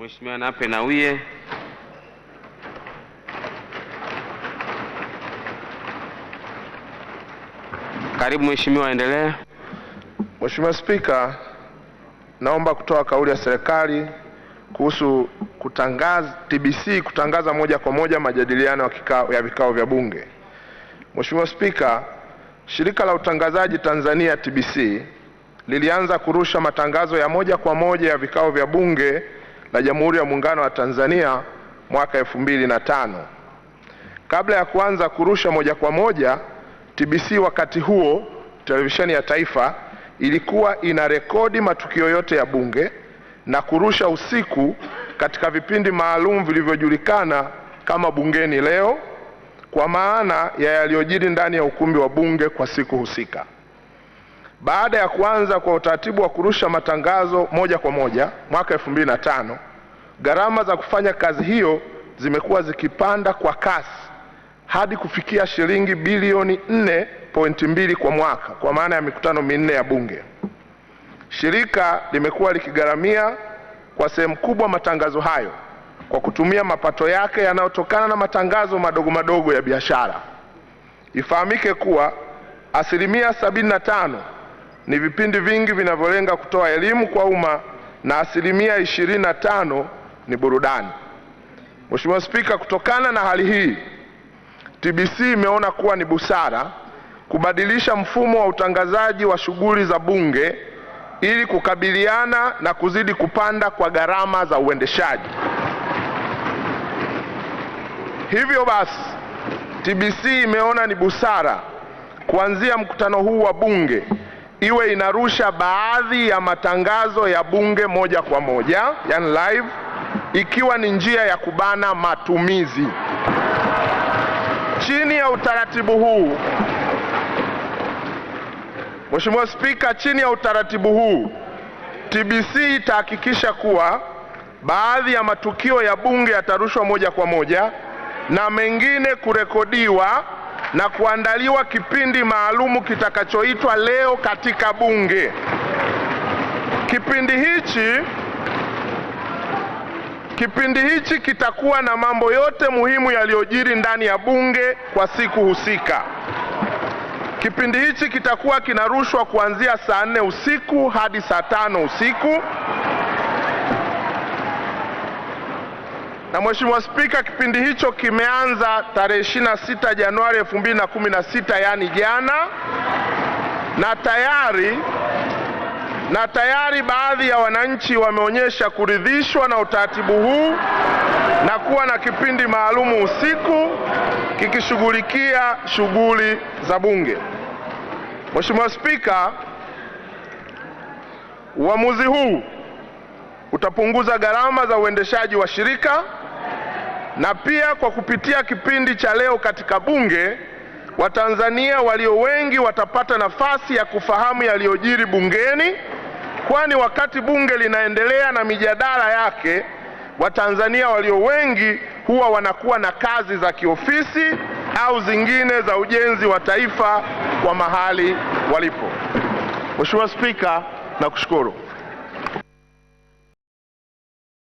Mheshimiwa Nape Nnauye Karibu mheshimiwa, endelea. Mheshimiwa Spika, naomba kutoa kauli ya serikali kuhusu kutangaza TBC kutangaza moja kwa moja majadiliano ya kikao ya vikao vya Bunge. Mheshimiwa Spika, shirika la utangazaji Tanzania TBC lilianza kurusha matangazo ya moja kwa moja ya vikao vya Bunge na Jamhuri ya Muungano wa Tanzania mwaka elfu mbili na tano. Kabla ya kuanza kurusha moja kwa moja, TBC wakati huo televisheni ya taifa ilikuwa inarekodi matukio yote ya bunge na kurusha usiku katika vipindi maalum vilivyojulikana kama Bungeni Leo, kwa maana ya yaliyojiri ndani ya ukumbi wa bunge kwa siku husika. Baada ya kuanza kwa utaratibu wa kurusha matangazo moja kwa moja mwaka elfu mbili na tano, gharama za kufanya kazi hiyo zimekuwa zikipanda kwa kasi hadi kufikia shilingi bilioni mbili kwa mwaka, kwa maana ya mikutano minne ya Bunge. Shirika limekuwa likigharamia kwa sehemu kubwa matangazo hayo kwa kutumia mapato yake yanayotokana na matangazo madogo madogo ya biashara. Ifahamike kuwa asilimia 75 ni vipindi vingi vinavyolenga kutoa elimu kwa umma na asilimia ishirini na tano ni burudani. Mheshimiwa Spika, kutokana na hali hii, TBC imeona kuwa ni busara kubadilisha mfumo wa utangazaji wa shughuli za Bunge ili kukabiliana na kuzidi kupanda kwa gharama za uendeshaji. Hivyo basi, TBC imeona ni busara kuanzia mkutano huu wa Bunge iwe inarusha baadhi ya matangazo ya bunge moja kwa moja, yani live, ikiwa ni njia ya kubana matumizi. Chini ya utaratibu huu, Mheshimiwa Spika, chini ya utaratibu huu TBC itahakikisha kuwa baadhi ya matukio ya bunge yatarushwa moja kwa moja na mengine kurekodiwa na kuandaliwa kipindi maalumu kitakachoitwa leo katika Bunge. Kipindi hichi kipindi hichi kitakuwa na mambo yote muhimu yaliyojiri ndani ya Bunge kwa siku husika. Kipindi hichi kitakuwa kinarushwa kuanzia saa nne usiku hadi saa tano usiku. na Mheshimiwa Spika, kipindi hicho kimeanza tarehe 26 Januari 2016 yani jana, na tayari na tayari baadhi ya wananchi wameonyesha kuridhishwa na utaratibu huu na kuwa na kipindi maalumu usiku kikishughulikia shughuli za Bunge. Mheshimiwa Spika, uamuzi huu utapunguza gharama za uendeshaji wa shirika na pia kwa kupitia kipindi cha leo katika Bunge, Watanzania walio wengi watapata nafasi ya kufahamu yaliyojiri bungeni, kwani wakati bunge linaendelea na mijadala yake, Watanzania walio wengi huwa wanakuwa na kazi za kiofisi au zingine za ujenzi wa taifa kwa mahali walipo. Mheshimiwa Spika, nakushukuru.